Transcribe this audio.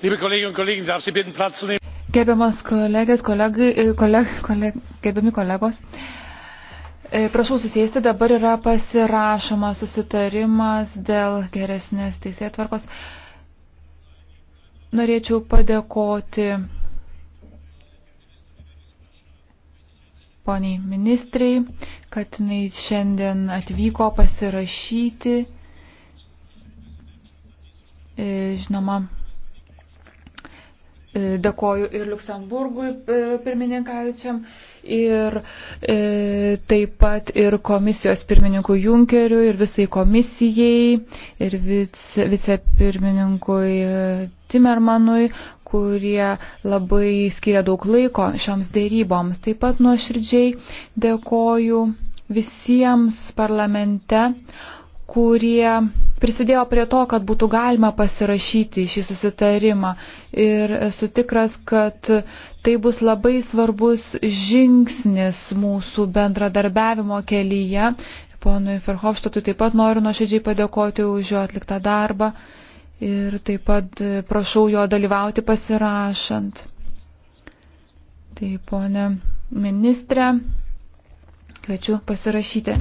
Gerbiamas kolegės, kolegai, e, koleg, koleg, gerbiami kolegos, e, prašau susėsti, dabar yra pasirašomas susitarimas dėl geresnės teisėtvarkos. Norėčiau padėkoti poniai ministrei, kad jinai šiandien atvyko pasirašyti. E, žinoma, E, dėkoju ir Luksemburgui e, pirmininkavičiam ir e, taip pat ir komisijos pirmininkui Junkeriu ir visai komisijai ir vice, vicepirmininkui e, Timermanui, kurie labai skiria daug laiko šioms dėryboms. Taip pat nuoširdžiai dėkoju visiems parlamente kurie prisidėjo prie to, kad būtų galima pasirašyti šį susitarimą. Ir esu tikras, kad tai bus labai svarbus žingsnis mūsų bendradarbiavimo kelyje. Ponui Ferhofštatui taip pat noriu nuoširdžiai padėkoti už jo atliktą darbą ir taip pat prašau jo dalyvauti pasirašant. Tai, ponė ministrė, kviečiu pasirašyti.